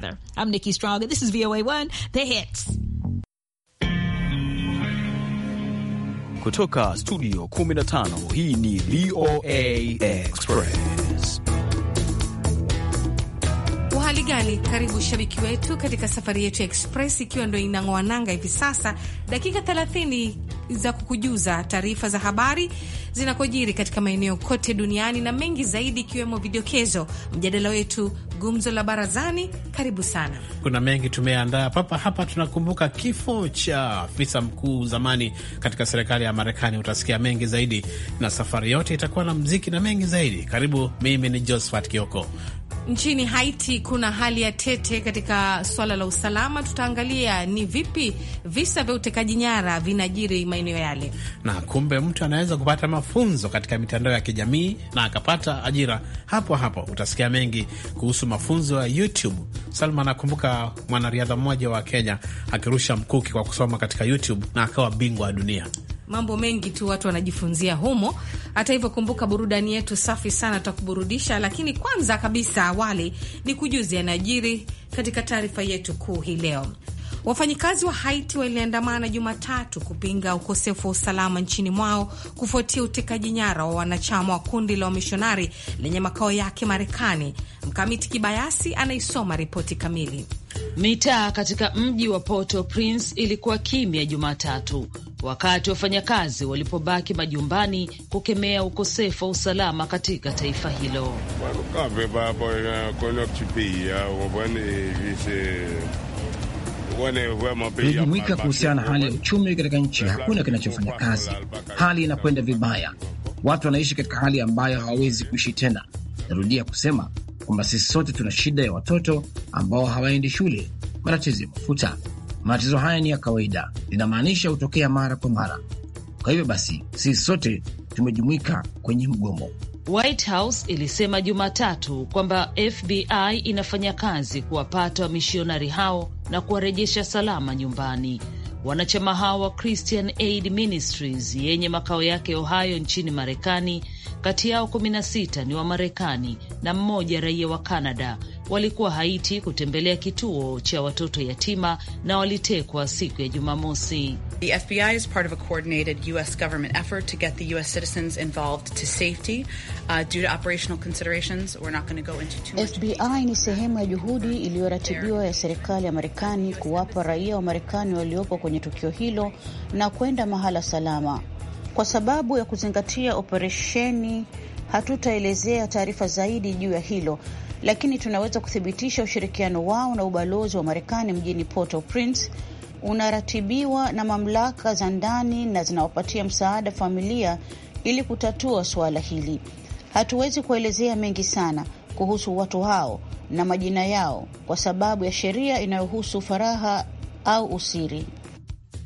There. I'm Nikki Strong, and this is VOA1 The Hits. Kutoka studio 15, hii ni VOA Express. Uhali gani? Karibu shabiki wetu katika safari yetu ya Express, ikiwa ndo inang'oa nanga hivi sasa, dakika 30 za kukujuza taarifa za habari zinakojiri katika maeneo kote duniani na mengi zaidi, ikiwemo vidokezo, mjadala wetu, gumzo la barazani. Karibu sana, kuna mengi tumeandaa papa hapa. Tunakumbuka kifo cha afisa mkuu zamani katika serikali ya Marekani. Utasikia mengi zaidi, na safari yote itakuwa na mziki na mengi zaidi. Karibu, mimi ni Josephat Kioko. Nchini Haiti kuna hali ya tete katika swala la usalama. Tutaangalia ni vipi visa vya utekaji nyara vinajiri maeneo yale, na kumbe mtu anaweza kupata ma mafunzo katika mitandao ya kijamii na akapata ajira hapo hapo. Utasikia mengi kuhusu mafunzo ya YouTube. Salma anakumbuka mwanariadha mmoja wa Kenya akirusha mkuki kwa kusoma katika YouTube na akawa bingwa wa dunia. Mambo mengi tu watu wanajifunzia humo. Hata hivyo, kumbuka burudani yetu safi sana, tutakuburudisha. Lakini kwanza kabisa, awali ni kujuzi yanajiri katika taarifa yetu kuu hii leo. Wafanyikazi wa Haiti waliandamana Jumatatu kupinga ukosefu wa usalama nchini mwao kufuatia utekaji nyara wa wanachama wa kundi la wamishonari lenye makao yake Marekani. Mkamiti Kibayasi anaisoma ripoti kamili. Mitaa katika mji wa Port-au-Prince ilikuwa kimya Jumatatu wakati wafanyakazi walipobaki majumbani kukemea ukosefu wa usalama katika taifa hilo kujumuika kuhusiana na hali ya uchumi katika nchi, hakuna kinachofanya kazi, hali inakwenda vibaya, watu wanaishi katika hali ambayo hawawezi kuishi tena. Narudia kusema kwamba sisi sote tuna shida ya watoto ambao hawaendi shule, matatizo ya mafuta. Matatizo haya ni ya kawaida, linamaanisha hutokea mara kwa mara. Kwa hivyo basi, sisi sote tumejumuika kwenye mgomo. White House ilisema Jumatatu kwamba FBI inafanya kazi kuwapata wamishionari hao na kuwarejesha salama nyumbani. Wanachama hao wa Christian Aid Ministries yenye makao yake Ohio nchini Marekani, kati yao 16 ni wa marekani na mmoja raia wa canada walikuwa Haiti kutembelea kituo cha watoto yatima na walitekwa siku ya Jumamosi. The FBI is part of a coordinated US government effort to get the US citizens involved to safety. Uh, due to operational considerations, we're not going to go into too much. FBI ni sehemu ya juhudi iliyoratibiwa ya serikali ya Marekani kuwapa raia wa Marekani waliopo kwenye tukio hilo na kwenda mahala salama. Kwa sababu ya kuzingatia operesheni, hatutaelezea taarifa zaidi juu ya hilo lakini tunaweza kuthibitisha ushirikiano wao na ubalozi wa Marekani mjini Port-au-Prince unaratibiwa na mamlaka za ndani na zinawapatia msaada familia ili kutatua suala hili. Hatuwezi kuelezea mengi sana kuhusu watu hao na majina yao kwa sababu ya sheria inayohusu faraha au usiri.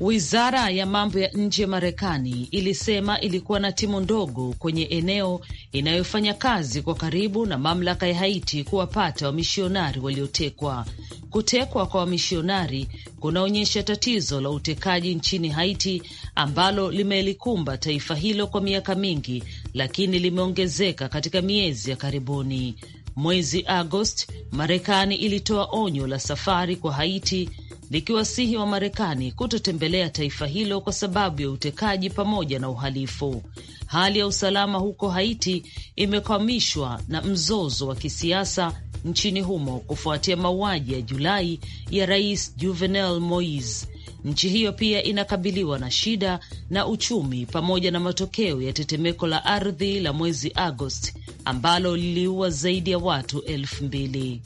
Wizara ya mambo ya nje ya Marekani ilisema ilikuwa na timu ndogo kwenye eneo inayofanya kazi kwa karibu na mamlaka ya Haiti kuwapata wamishionari waliotekwa. Kutekwa kwa wamishionari kunaonyesha tatizo la utekaji nchini Haiti ambalo limelikumba taifa hilo kwa miaka mingi, lakini limeongezeka katika miezi ya karibuni. Mwezi Agosti, Marekani ilitoa onyo la safari kwa Haiti likiwasihi wa Marekani kutotembelea taifa hilo kwa sababu ya utekaji pamoja na uhalifu. Hali ya usalama huko Haiti imekwamishwa na mzozo wa kisiasa nchini humo kufuatia mauaji ya Julai ya Rais Juvenel Moise. Nchi hiyo pia inakabiliwa na shida na uchumi pamoja na matokeo ya tetemeko la ardhi la mwezi Agosti ambalo liliua zaidi ya watu elfu mbili.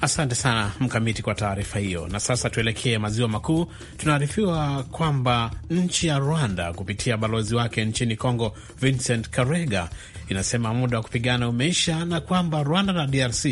Asante sana Mkamiti kwa taarifa hiyo. Na sasa tuelekee maziwa makuu. Tunaarifiwa kwamba nchi ya Rwanda kupitia balozi wake nchini congo Vincent Karega, inasema muda wa kupigana umeisha na kwamba Rwanda na DRC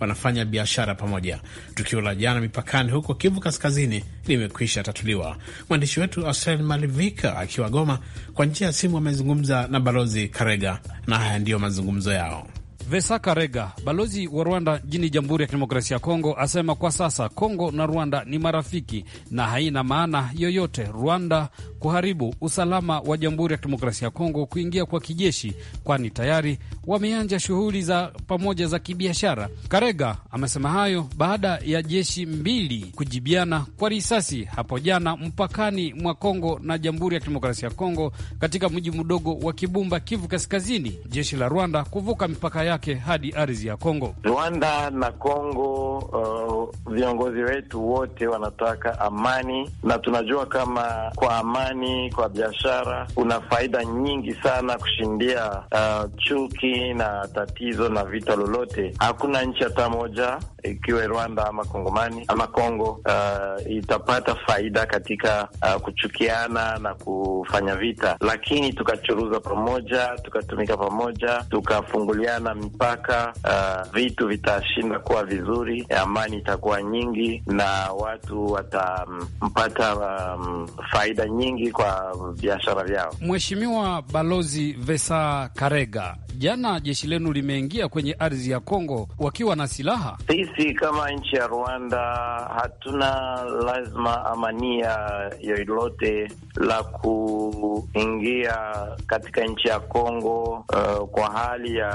wanafanya biashara pamoja. Tukio la jana mipakani huko Kivu Kaskazini limekwisha tatuliwa. Mwandishi wetu Austel Malivika akiwa Goma, kwa njia ya simu amezungumza na balozi Karega na haya ndiyo mazungumzo yao. Vesaka Rega, balozi wa Rwanda nchini Jamhuri ya Kidemokrasia ya Kongo, asema kwa sasa Kongo na Rwanda ni marafiki na haina maana yoyote Rwanda kuharibu usalama wa Jamhuri ya Kidemokrasia ya Kongo kuingia kwa kijeshi, kwani tayari wameanja shughuli za pamoja za kibiashara. Karega amesema hayo baada ya jeshi mbili kujibiana kwa risasi hapo jana mpakani mwa Kongo na Jamhuri ya Kidemokrasia ya Kongo katika mji mdogo wa Kibumba, Kivu Kaskazini, jeshi la Rwanda kuvuka mipaka yake hadi ardhi ya Kongo. Rwanda na Kongo, uh, viongozi wetu wote wanataka amani na tunajua kama kwa amani nyumbani kwa biashara. Kuna faida nyingi sana kushindia uh, chuki na tatizo na vita lolote. Hakuna nchi hata moja ikiwa Rwanda ama Kongomani ama Kongo uh, itapata faida katika uh, kuchukiana na kufanya vita, lakini tukachuruza pamoja, tukatumika pamoja, tukafunguliana mipaka uh, vitu vitashinda kuwa vizuri, amani itakuwa nyingi na watu watampata um, faida nyingi nyingi kwa biashara vyao. Mheshimiwa Balozi Vesa Karega, jana jeshi lenu limeingia kwenye ardhi ya Kongo wakiwa na silaha. Sisi kama nchi ya Rwanda hatuna lazima ama nia yoyote la kuingia katika nchi ya Kongo. Uh, kwa hali ya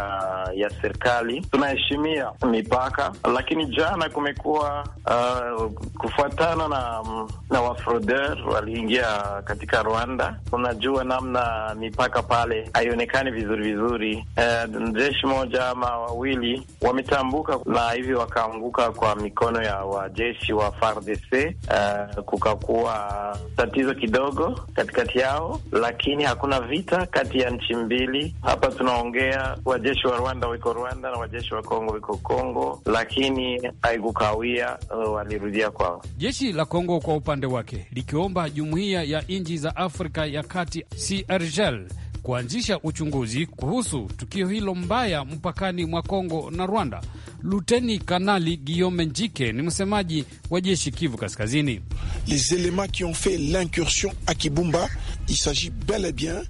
ya serikali tunaheshimia mipaka, lakini jana kumekuwa uh, kufuatana na na wafrodeur waliingia katika Rwanda. Unajua namna mipaka pale haionekani vizuri vizuri. Eh, jeshi moja ama wawili wametambuka na hivi wakaanguka kwa mikono ya wajeshi wa FARDC. Uh, eh, kukakuwa tatizo kidogo katikati yao, lakini hakuna vita kati ya nchi mbili. Hapa tunaongea wajeshi wa Rwanda wiko Rwanda na wajeshi wa Kongo wiko Kongo, lakini haikukawia, uh, walirudia kwao. Jeshi la Kongo kwa upande wake likiomba jumuiya ya nchi za Afrika ya Kati CIRGL kuanzisha uchunguzi kuhusu tukio hilo mbaya mpakani mwa Kongo na Rwanda. Luteni Kanali Guillaume Njike ni msemaji wa jeshi Kivu Kaskazini. Les elements qui ont fait l'incursion a Kibumba il s'agit bel et bien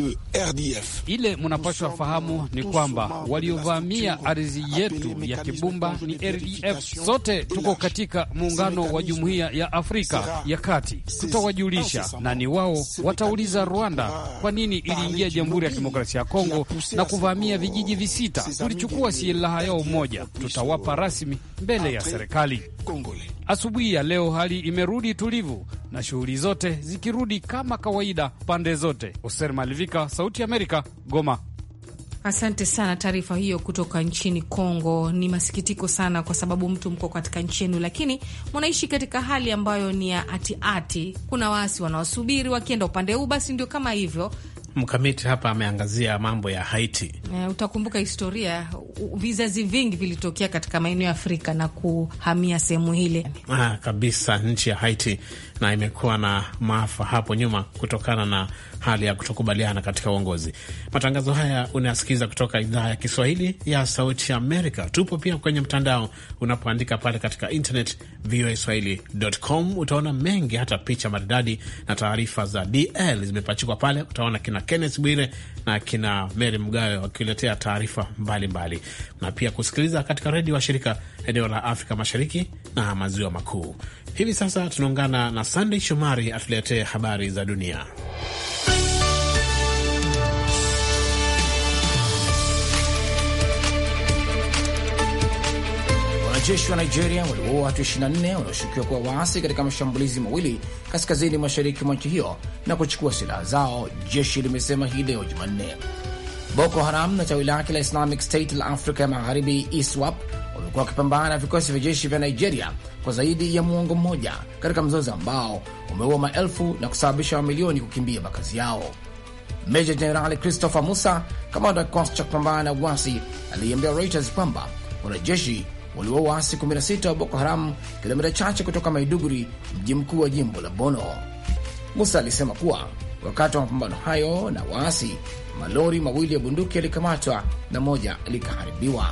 de RDF. Ile munapashwa fahamu ni kwamba waliovamia ardhi yetu ya Kibumba ni RDF. Sote tuko katika muungano wa Jumuiya ya Afrika ya Kati, tutawajulisha na ni wao watauliza Rwanda kwa nini iliingia Jamhuri ya Kidemokrasia ya Kongo na kuvamia vijiji visita. Tulichukua silaha yao moja, tutawapa euh, rasmi mbele ya serikali. Asubuhi ya leo hali imerudi tulivu na shughuli zote zikirudi kama kawaida pande zote. Oser Malivika, Sauti Amerika, Goma. Asante sana, taarifa hiyo kutoka nchini Kongo. Ni masikitiko sana, kwa sababu mtu mko katika nchi yenu, lakini mnaishi katika hali ambayo ni ya atiati. Kuna waasi wanaosubiri wakienda upande huu, basi ndio kama hivyo mkamiti hapa ameangazia mambo ya Haiti. Uh, utakumbuka historia, vizazi vingi vilitokea katika maeneo ya Afrika na kuhamia sehemu hile. Ah, kabisa nchi ya Haiti na imekuwa na maafa hapo nyuma kutokana na hali ya kutokubaliana katika uongozi. Matangazo haya unayasikiliza kutoka idhaa ya Kiswahili ya Sauti Amerika. Tupo pia kwenye mtandao, unapoandika pale katika internet voa swahili.com, utaona mengi, hata picha maridadi na taarifa za DL zimepachikwa pale. Utaona kina Kenneth Bwire na kina Mary Mgawe wakiletea taarifa mbalimbali na pia kusikiliza katika redio wa shirika eneo la Afrika Mashariki na Maziwa Makuu. Hivi sasa tunaungana na Sandey Shomari atuletee habari za dunia. Wanajeshi wa Nigeria waliwaua watu 24 wanaoshukiwa kuwa waasi katika mashambulizi mawili kaskazini mashariki mwa nchi hiyo na kuchukua silaha zao, jeshi limesema hii leo Jumanne. Boko Haram na tawi lake la Islamic State la Afrika ya Magharibi, ISWAP, wamekuwa wakipambana na vikosi vya jeshi vya Nigeria kwa zaidi ya muongo mmoja katika mzozo ambao umeua maelfu na kusababisha mamilioni kukimbia makazi yao. Meja Jenerali Christopher Musa, kamanda wa kikosi cha kupambana na uasi, aliambia Reuters kwamba wanajeshi waliua waasi 16 wa Boko Haram kilomita chache kutoka Maiduguri, mji mkuu wa jimbo la Bono. Musa alisema kuwa wakati wa mapambano hayo na waasi, malori mawili ya bunduki yalikamatwa na moja likaharibiwa.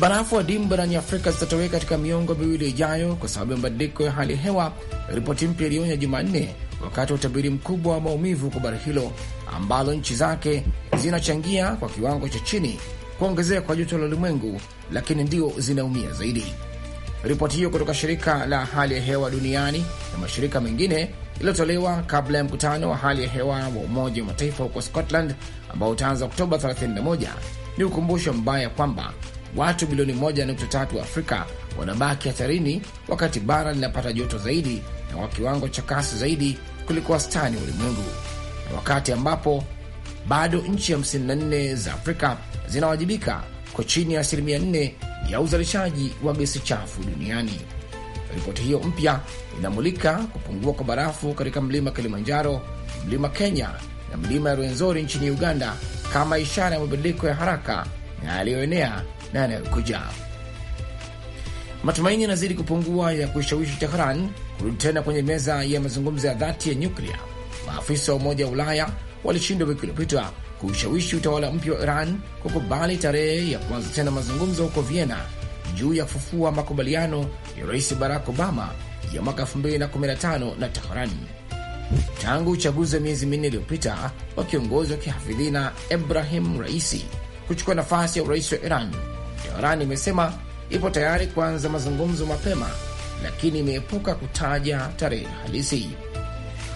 Barafu adimu barani Afrika zitatoweka katika miongo miwili ijayo kwa sababu ya mabadiliko ya hali ya hewa, ripoti mpya ilionya Jumanne, wakati wa utabiri mkubwa wa maumivu kwa bara hilo ambalo nchi zake zinachangia kwa kiwango cha chini kuongezeka kwa joto la ulimwengu, lakini ndio zinaumia zaidi. Ripoti hiyo kutoka shirika la hali ya hewa duniani na mashirika mengine iliyotolewa kabla ya mkutano wa hali ya hewa wa Umoja wa Mataifa huko Scotland ambao utaanza Oktoba 31 ni ukumbusho mbaya kwamba watu bilioni 1.3 wa Afrika wanabaki hatarini wakati bara linapata joto zaidi na kwa kiwango cha kasi zaidi kuliko wastani wa ulimwengu, na wakati ambapo bado nchi 54 za Afrika zinawajibika kwa chini ya asilimia 4 ya uzalishaji wa gesi chafu duniani. Ripoti hiyo mpya inamulika kupungua kwa barafu katika mlima Kilimanjaro, mlima Kenya na mlima ya Rwenzori nchini Uganda kama ishara ya mabadiliko ya haraka na yaliyoenea na yanayokuja. Matumaini yanazidi kupungua ya kushawishi Tehran kurudi tena kwenye meza ya mazungumzo ya dhati ya nyuklia. Maafisa wa Umoja wa Ulaya walishindwa wiki iliyopita kushawishi utawala mpya wa Iran kukubali tarehe ya kuanza tena mazungumzo huko Vienna juu ya kufufua makubaliano ya Rais Barack Obama ya mwaka 2015 na Tehran. Tangu uchaguzi wa miezi minne iliyopita wa kiongozi wa kihafidhina Ibrahim Raisi kuchukua nafasi ya urais wa Iran, Tehran imesema ipo tayari kuanza mazungumzo mapema, lakini imeepuka kutaja tarehe halisi.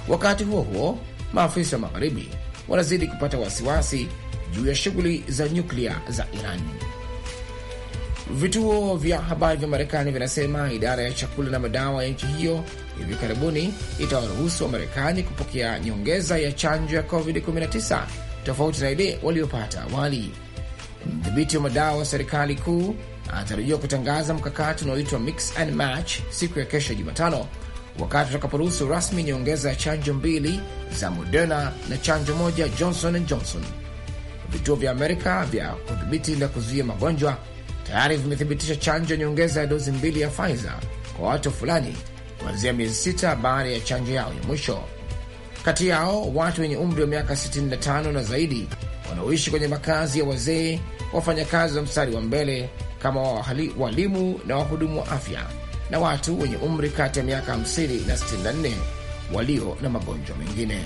Wakati huo huo, maafisa wa magharibi wanazidi kupata wasiwasi juu ya shughuli za nyuklia za Iran. Vituo vya habari vya Marekani vinasema idara ya chakula na madawa ya nchi hiyo hivi karibuni itawaruhusu wa Marekani kupokea nyongeza ya chanjo ya COVID-19 tofauti na ile waliopata awali. Mdhibiti wa madawa wa serikali kuu anatarajiwa kutangaza mkakati unaoitwa mix and match siku ya kesho Jumatano, wakati utakaporuhusu rasmi nyongeza ya chanjo mbili za Moderna na chanjo moja Johnson and Johnson. Vituo vya Amerika vya kudhibiti na kuzuia magonjwa tayari vimethibitisha chanjo nyongeza ya dozi mbili ya Pfizer kwa watu fulani kuanzia miezi sita baada ya chanjo yao ya mwisho. Kati yao watu wenye umri wa miaka 65 na zaidi wanaoishi kwenye makazi ya wazee, wafanyakazi wa mstari wa mbele kama walimu na wahudumu wa afya na watu wenye umri kati ya miaka 50 na 64 walio na magonjwa mengine.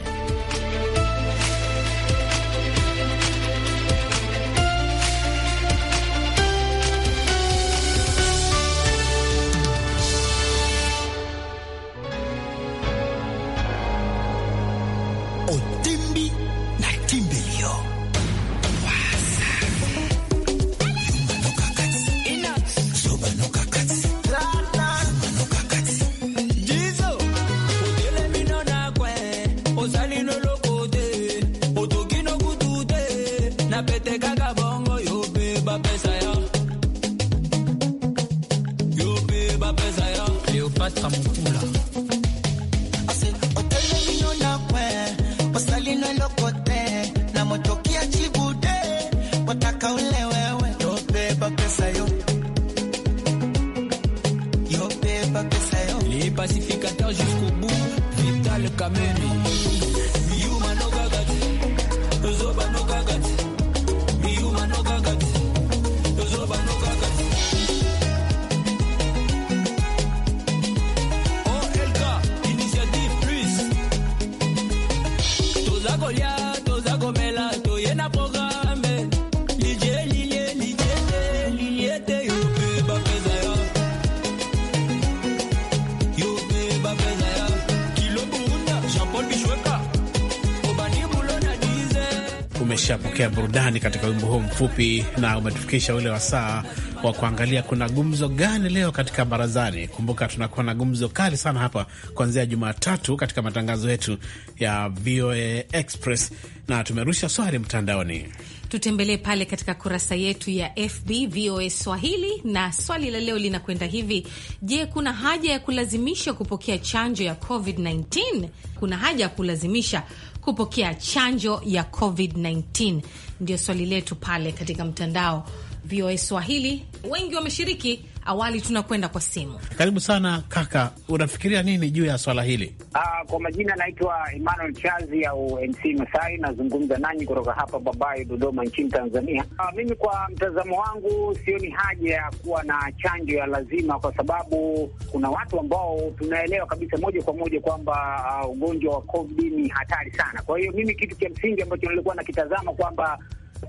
ya burudani katika wimbo huu mfupi, na umetufikisha ule wasaa wa kuangalia kuna gumzo gani leo katika barazani. Kumbuka tunakuwa na gumzo kali sana hapa kuanzia Jumatatu katika matangazo yetu ya VOA Express, na tumerusha swali mtandaoni tutembelee pale katika kurasa yetu ya FB VOA Swahili, na swali la leo linakwenda hivi: Je, kuna haja ya kulazimisha kupokea chanjo ya COVID-19? Kuna haja ya kulazimisha kupokea chanjo ya COVID-19? Ndio swali letu pale katika mtandao VOA Swahili. Wengi wameshiriki awali tunakwenda kwa simu. Karibu sana kaka, unafikiria nini juu ya swala hili? Aa, ah, kwa majina naitwa Emmanuel Chazi au MC Masai, nazungumza nanyi kutoka hapa Babai, Dodoma nchini Tanzania. Aa, ah, mimi kwa mtazamo wangu sioni haja ya kuwa na chanjo ya lazima, kwa sababu kuna watu ambao tunaelewa kabisa moja kwa moja kwamba uh, ugonjwa wa COVID ni hatari sana. Kwa hiyo mimi kitu cha msingi ambacho nilikuwa nakitazama kwamba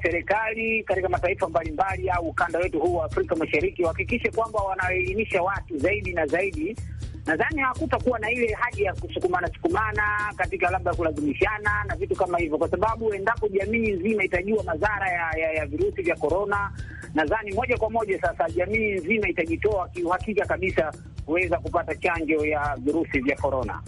serikali katika mataifa mbalimbali au ukanda wetu huu wa Afrika Mashariki wahakikishe kwamba wanaelimisha watu zaidi na zaidi. Nadhani hakutakuwa na ile haja ya kusukumana sukumana katika labda kulazimishana na vitu kama hivyo, kwa sababu endapo jamii nzima itajua madhara ya, ya, ya virusi vya korona, nadhani moja kwa moja sasa jamii nzima itajitoa kiuhakika kabisa kuweza kupata chanjo ya virusi vya korona.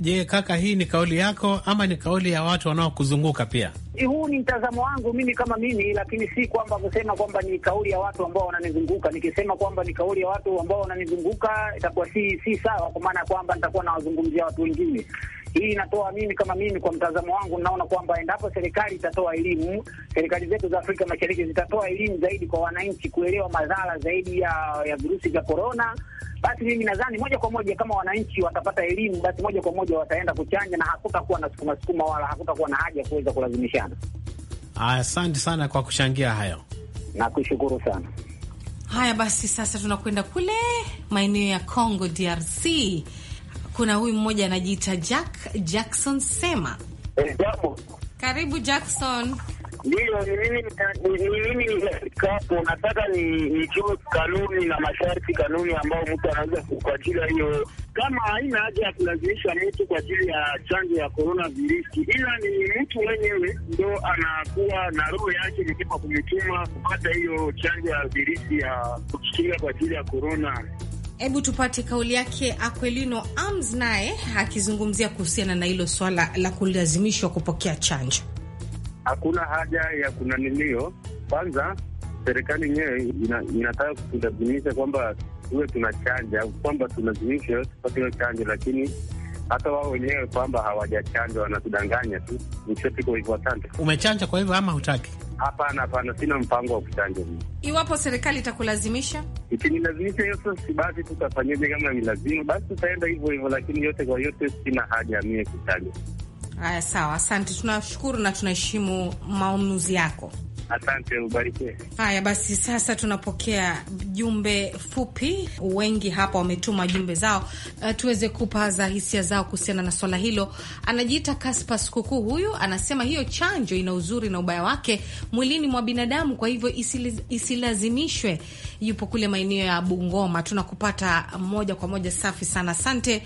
Je, kaka, hii ni kauli yako ama ni kauli ya watu wanaokuzunguka pia? Eh, huu ni mtazamo wangu mimi kama mimi, lakini si kwamba kusema kwamba ni kauli ya watu ambao wananizunguka. Nikisema kwamba ni kauli ya watu ambao wananizunguka itakuwa si si sawa, kwa maana ya kwamba nitakuwa nawazungumzia watu wengine. Hii inatoa mimi, kama mimi, kwa mtazamo wangu, naona kwamba endapo serikali itatoa elimu, serikali zetu za Afrika Mashariki zitatoa elimu zaidi kwa wananchi kuelewa madhara zaidi ya, ya virusi vya korona, basi mimi nadhani moja kwa moja kama wananchi watapata elimu, basi moja kwa moja wataenda kuchanja na hakutakuwa na sukuma sukuma wala hakutakuwa na haja ya kuweza kulazimishana. Asante sana kwa kuchangia hayo, nakushukuru sana. Haya basi, sasa tunakwenda kule maeneo ya Congo DRC kuna huyu mmoja anajiita Jack Jackson Sema. Eh, jambo. Karibu Jackson. Ndiyo, ni mimi hapo. Nataka nijue kanuni na masharti, kanuni ambayo mtu anaweza ya hiyo, kama haina haja ya kulazimisha mtu kwa ajili ya chanjo ya korona virusi, ila ni mtu mwenyewe ndo anakuwa na roho yake nikipa kumituma kupata hiyo chanjo ya virusi ya kuchikinga kwa ajili ya korona. Hebu tupate kauli yake aquelino Arms naye akizungumzia kuhusiana na hilo swala la kulazimishwa kupokea chanjo. Hakuna haja ya kunanilio. Kwanza serikali yenyewe inataka kutulazimisha kwamba tuwe tunachanja, kwamba tulazimishwe tupatiwe chanjo, lakini hata wao wenyewe kwamba hawajachanjwa, wanatudanganya tu. Mwisho hivyo. Asante. Umechanja kwa hivyo ama hutaki? Hapana, hapana, sina mpango wa kuchanja. Iwapo serikali itakulazimisha, ikinilazimisha hiyo sasa, basi tutafanyaje? Kama ni lazima, basi tutaenda hivyo hivyo, lakini yote kwa yote, sina haja mie kuchanja. Haya, sawa, asante. Tunashukuru na tunaheshimu maamuzi yako. Asante, ubarikiwe. Haya basi, sasa tunapokea jumbe fupi. Wengi hapa wametuma jumbe zao, uh, tuweze kupaza hisia zao kuhusiana na swala hilo. Anajiita Kaspa Sikukuu, huyu anasema hiyo chanjo ina uzuri na ubaya wake mwilini mwa binadamu, kwa hivyo isilazimishwe. Yupo kule maeneo ya Bungoma. Tunakupata moja kwa moja, safi sana, asante.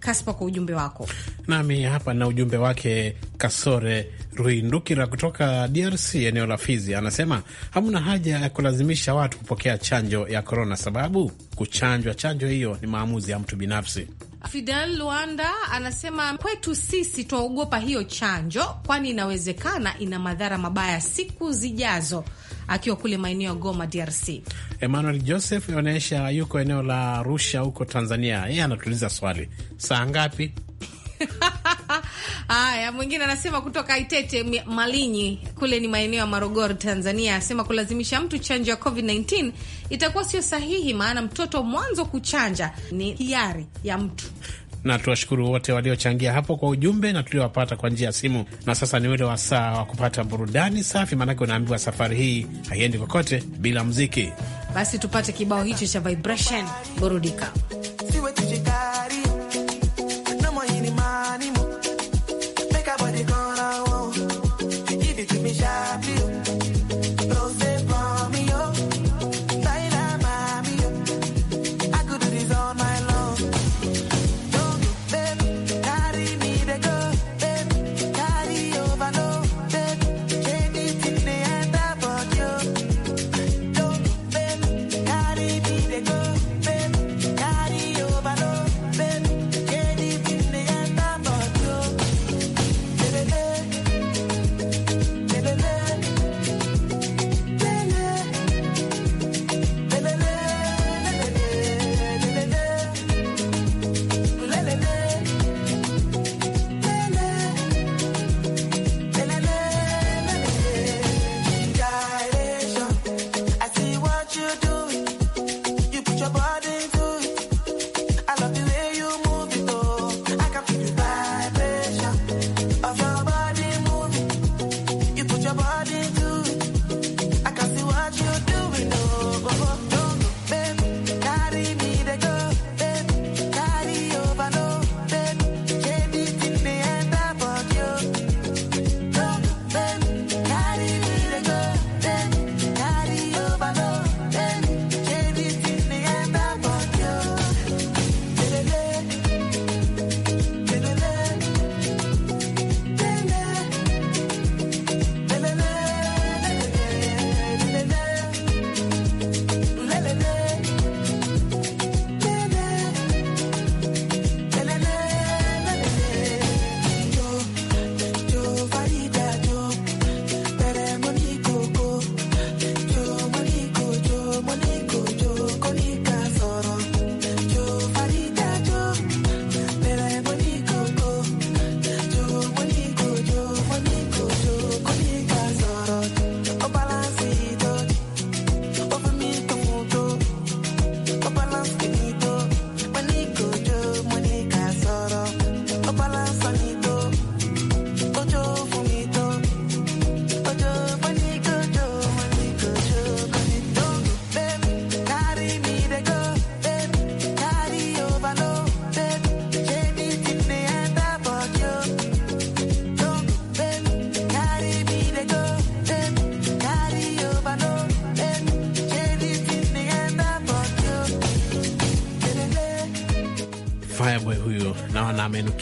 Kaspa, kwa ujumbe wako. Nami hapa na ujumbe wake Kasore Ruindukira kutoka DRC eneo la Fizi, anasema hamna haja ya kulazimisha watu kupokea chanjo ya korona, sababu kuchanjwa chanjo hiyo ni maamuzi ya mtu binafsi. Fidel Luanda anasema kwetu sisi twaogopa hiyo chanjo, kwani inawezekana ina madhara mabaya siku zijazo akiwa kule maeneo ya Goma, DRC. Emmanuel Joseph onyesha yuko eneo la Arusha huko Tanzania. Yeye anatuuliza swali, saa ngapi? Haya, mwingine anasema kutoka Itete Malinyi, kule ni maeneo ya Morogoro, Tanzania, asema kulazimisha mtu chanjo ya COVID-19 itakuwa sio sahihi, maana mtoto mwanzo kuchanja ni hiari ya mtu na tuwashukuru wote waliochangia hapo kwa ujumbe na tuliowapata kwa njia ya simu. Na sasa ni ule wasaa wa kupata burudani safi, maanake unaambiwa safari hii haiendi kokote bila muziki. Basi tupate kibao hicho cha Vibration, burudika.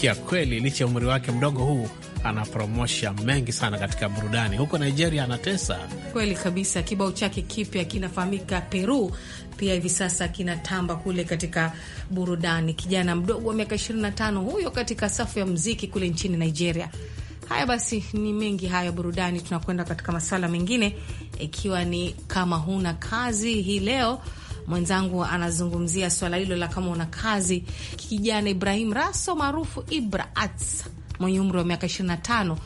pia kweli, licha ya umri wake mdogo huu anapromosha mengi sana katika burudani huko Nigeria, anatesa kweli kabisa. Kibao chake kipya kinafahamika Peru, pia hivi sasa kinatamba kule katika burudani. Kijana mdogo wa miaka 25 huyo katika safu ya mziki kule nchini Nigeria. Haya basi, ni mengi haya burudani. Tunakwenda katika masala mengine, ikiwa ni kama huna kazi hii leo Mwenzangu anazungumzia swala hilo la kama una kazi. Kijana Ibrahim Raso maarufu Ibra Ats mwenye umri wa miaka 25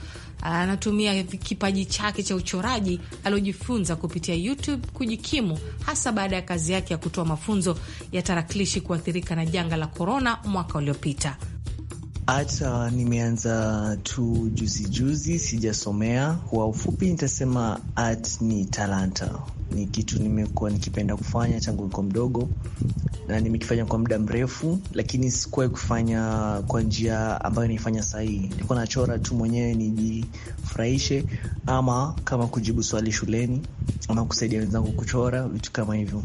anatumia kipaji chake cha uchoraji aliojifunza kupitia YouTube kujikimu, hasa baada ya kazi yake ya kutoa mafunzo ya tarakilishi kuathirika na janga la korona mwaka uliopita. Hata nimeanza tu juzi juzi, sijasomea. Kwa ufupi nitasema art ni talanta, ni kitu nimekuwa nikipenda kufanya tangu niko mdogo na nimekifanya kwa muda mrefu, lakini sikuwahi kufanya kwa njia ambayo naifanya sahihi Nilikuwa nachora tu mwenyewe nijifurahishe, ama kama kujibu swali shuleni ama kusaidia wenzangu kuchora, vitu kama hivyo.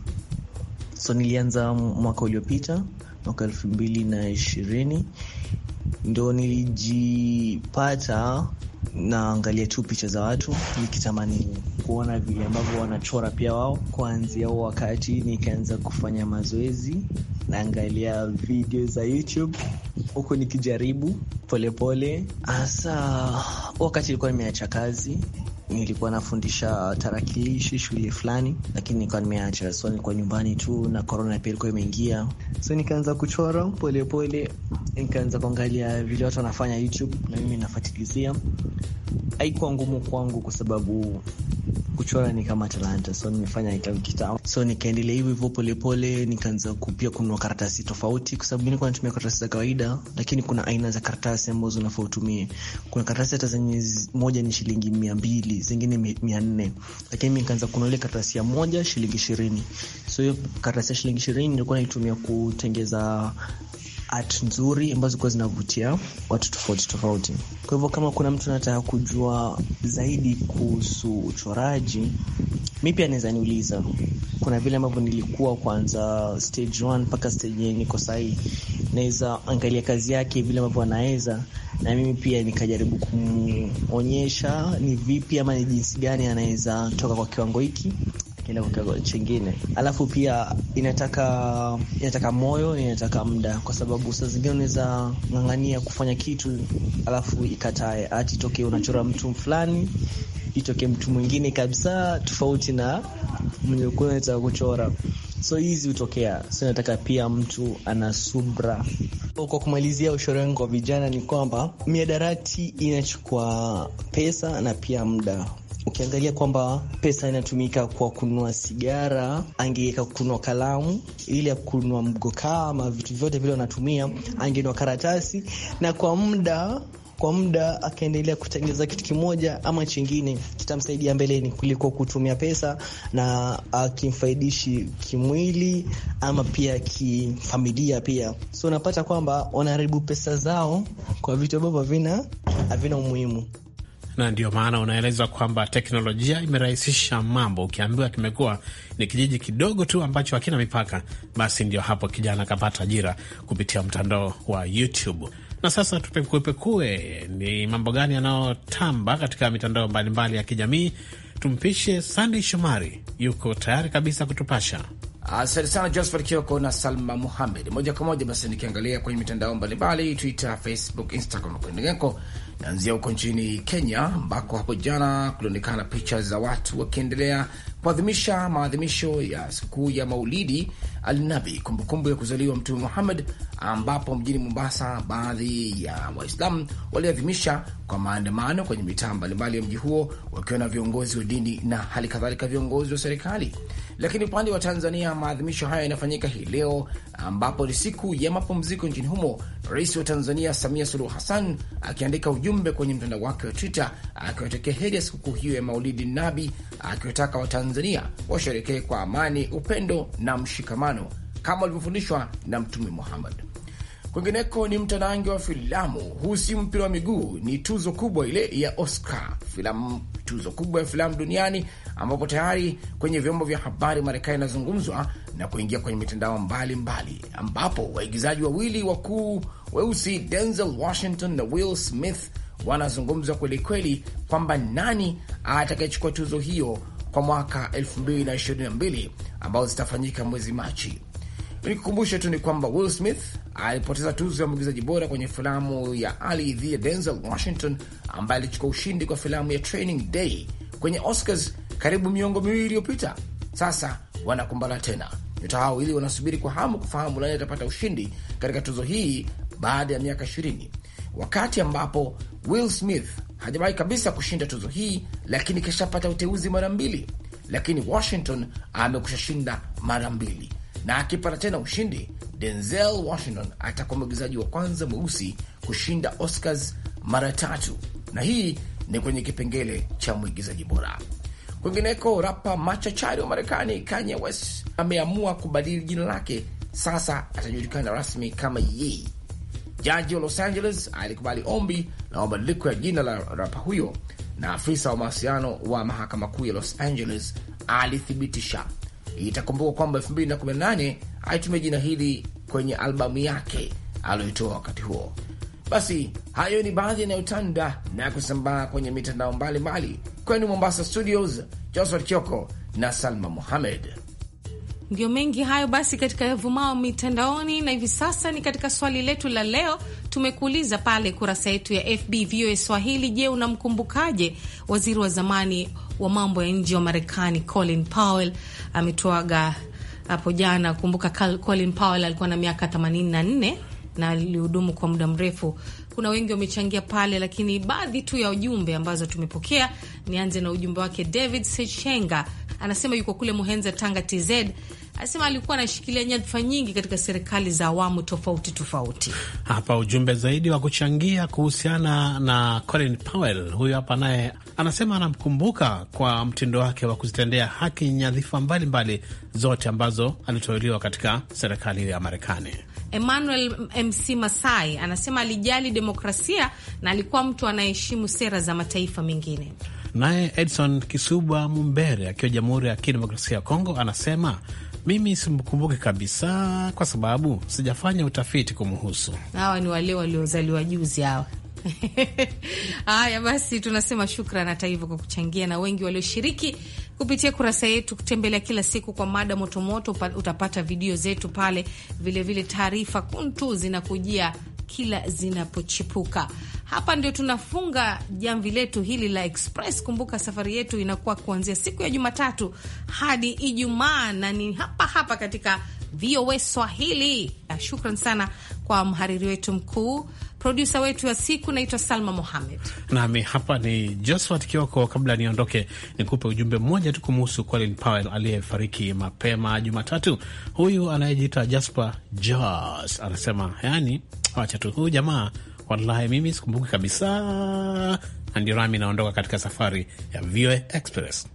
So nilianza mwaka uliopita, mwaka elfu mbili na ishirini ndo nilijipata naangalia tu picha za watu nikitamani kuona vile ambavyo wanachora pia wao. Kuanzia huo wakati nikaanza kufanya mazoezi, naangalia video za YouTube huku nikijaribu polepole, hasa wakati ilikuwa nimeacha kazi nilikuwa nafundisha tarakilishi shule fulani, lakini nikawa nimeacha, so nilikuwa nyumbani tu, na korona pia ilikuwa imeingia, so nikaanza kuchora polepole, nikaanza kuangalia vile watu wanafanya YouTube na mimi nafatilizia. Haikuwa ngumu kwangu kwa sababu kuchora ni kama talanta, so nimefanya tangu kitambo, so nikaendelea hivyo hivyo polepole, nikaanza kupia kununua karatasi tofauti, kwa sababu mi nilikuwa natumia karatasi za kawaida, lakini kuna aina za karatasi ambazo unafaa utumie. Kuna karatasi hata zenye moja ni shilingi mia mbili, zingine mia nne, lakini mi nikaanza kununua ile karatasi ya moja shilingi ishirini. So hiyo karatasi ya shilingi ishirini nilikuwa naitumia kutengeza art nzuri ambazo zilikuwa zinavutia watu tofauti tofauti. Kwa hivyo kama kuna mtu anataka kujua zaidi kuhusu uchoraji, mi pia anaweza niuliza. Kuna vile ambavyo nilikuwa kwanza stage one mpaka stage yenye niko sahii, naweza angalia kazi yake vile ambavyo anaweza, na mimi pia nikajaribu kumwonyesha ni vipi ama ni jinsi gani anaweza toka kwa kiwango hiki niende kwa kiwango chingine. Alafu pia inataka inataka moyo, inataka muda, kwa sababu saa zingine unaweza ng'ang'ania kufanya kitu alafu ikatae, ati itokee unachora mtu fulani itokee mtu mwingine kabisa tofauti na mwenye unataka kuchora. So hizi hutokea. So nataka pia mtu ana subra. Kwa kumalizia, ushauri wangu kwa vijana ni kwamba miadarati inachukua pesa na pia muda Ukiangalia kwamba pesa inatumika kwa kununua sigara, angeweka kununua kalamu ili ya kununua mgokaa ama vitu vyote vile wanatumia, angenua karatasi, na kwa muda kwa muda akaendelea kutengeza kitu kimoja ama chingine kitamsaidia mbeleni kuliko kutumia pesa na akimfaidishi kimwili ama pia kifamilia pia. So unapata kwamba wanaharibu pesa zao kwa vitu ambavyo havina havina umuhimu na ndio maana unaeleza kwamba teknolojia imerahisisha mambo. Ukiambiwa kimekuwa ni kijiji kidogo tu ambacho hakina mipaka, basi ndio hapo kijana akapata ajira kupitia mtandao wa YouTube. Na sasa tupekuepekue ni mambo gani yanayotamba katika mitandao mbalimbali ya kijamii. Tumpishe Sandey Shomari, yuko tayari kabisa kutupasha. Asante sana Josephat Kioko na Salma Muhamed. Moja kwa moja basi nikiangalia kwenye mitandao mbalimbali, Twitter, Facebook, Instagram na Naanzia huko nchini Kenya ambako hapo jana kulionekana picha za watu wakiendelea kuadhimisha maadhimisho ya sikukuu ya Maulidi Alnabi, kumbukumbu ya kuzaliwa Mtume Muhammad, ambapo mjini Mombasa baadhi ya Waislamu waliadhimisha kwa maandamano kwenye mitaa mbalimbali ya mji huo, wakiwa na viongozi wa dini na hali kadhalika viongozi wa serikali. Lakini upande wa Tanzania, maadhimisho hayo yanafanyika hii leo, ambapo ni siku ya mapumziko nchini humo, rais wa Tanzania Samia Suluhu Hassan akiandika ujumbe kwenye mtandao wake wa Twitter akiwatakia heri ya sikukuu hiyo ya Maulidi Nabi, akiwataka Watanzania washerekee kwa amani, upendo na mshikamano kama walivyofundishwa na Mtume Muhammad. Kwingineko ni mtanange wa filamu huu, si mpira wa miguu, ni tuzo kubwa ile ya Oscar filamu, tuzo kubwa ya filamu duniani, ambapo tayari kwenye vyombo vya habari Marekani inazungumzwa na kuingia kwenye mitandao mbalimbali, ambapo waigizaji wawili wakuu weusi Denzel Washington na Will Smith wanazungumzwa kwelikweli kwamba nani atakayechukua tuzo hiyo kwa mwaka 2022 ambao zitafanyika mwezi Machi. Nikukumbushe tu ni kwamba Will Smith alipoteza tuzo ya mwigizaji bora kwenye filamu ya Ali dhidi ya Denzel Washington, ambaye alichukua ushindi kwa filamu ya Training Day kwenye Oscars karibu miongo miwili iliyopita. Sasa wanakumbana tena, nyota hao ili wanasubiri kwa hamu kufahamu nani atapata ushindi katika tuzo hii baada ya miaka ishirini, wakati ambapo Will Smith hajawahi kabisa kushinda tuzo hii, lakini kishapata uteuzi mara mbili, lakini Washington amekusha shinda mara mbili na akipata tena ushindi, Denzel Washington atakuwa mwigizaji wa kwanza mweusi kushinda Oscars mara tatu, na hii ni kwenye kipengele cha mwigizaji bora. Kwingineko, rapa machachari wa Marekani Kanye West ameamua kubadili jina lake, sasa atajulikana rasmi kama Ye. Jaji wa Los Angeles alikubali ombi la mabadiliko ya jina la rapa huyo, na afisa wa mawasiliano wa mahakama kuu ya Los Angeles alithibitisha Itakumbuka kwamba 2018 alitumia jina hili kwenye albamu yake aliyoitoa wakati huo. Basi hayo ni baadhi yanayotanda na kusambaa kwenye mitandao mbalimbali. Kwenu Mombasa Studios, Josephat Kioko na Salma Mohamed. Ndio mengi hayo basi katika yavumao mitandaoni, na hivi sasa ni katika swali letu la leo. Tumekuuliza pale kurasa yetu ya FB VOA Swahili, je, unamkumbukaje waziri wa zamani wa mambo ya nje wa Marekani Colin Powell? Ametuaga hapo jana. Kumbuka Colin Powell alikuwa na miaka 84 na alihudumu kwa muda mrefu. Kuna wengi wamechangia pale, lakini baadhi tu ya ujumbe ambazo tumepokea, nianze na ujumbe wake David Sechenga anasema yuko kule Muhenza, Tanga, TZ. Anasema alikuwa anashikilia nyadhifa nyingi katika serikali za awamu tofauti tofauti. Hapa ujumbe zaidi wa kuchangia kuhusiana na Colin Powell, huyu hapa naye anasema anamkumbuka kwa mtindo wake wa kuzitendea haki nyadhifa mbalimbali zote ambazo aliteuliwa katika serikali ya Marekani. Emmanuel Mc Masai anasema alijali demokrasia na alikuwa mtu anayeheshimu sera za mataifa mengine. Naye Edson Kisuba Mumbere akiwa Jamhuri ya Kidemokrasia ya Kongo anasema mimi simkumbuke kabisa kwa sababu sijafanya utafiti kumhusu. Hawa ni wale waliozaliwa juzi hawa. Haya basi, tunasema shukran hata hivyo kwa kuchangia, na wengi walioshiriki kupitia kurasa yetu kutembelea kila siku kwa mada motomoto. Utapata video zetu pale, vilevile taarifa kuntu zinakujia kila zinapochipuka. Hapa ndio tunafunga jamvi letu hili la Express. Kumbuka safari yetu inakuwa kuanzia siku ya Jumatatu hadi Ijumaa, na ni hapa hapa katika VOA Swahili. Shukran sana kwa mhariri wetu mkuu Produsa wetu wa siku naitwa Salma Mohamed, nami hapa ni Josphat Kioko. Kabla niondoke, nikupe ujumbe mmoja tu kumuhusu Colin Powell aliyefariki mapema Jumatatu. Huyu anayejiita Jasper Jos anasema, yani wacha tu huyu jamaa, wallahi mimi sikumbuki kabisa. Na ndio nami naondoka katika safari ya VOA Express.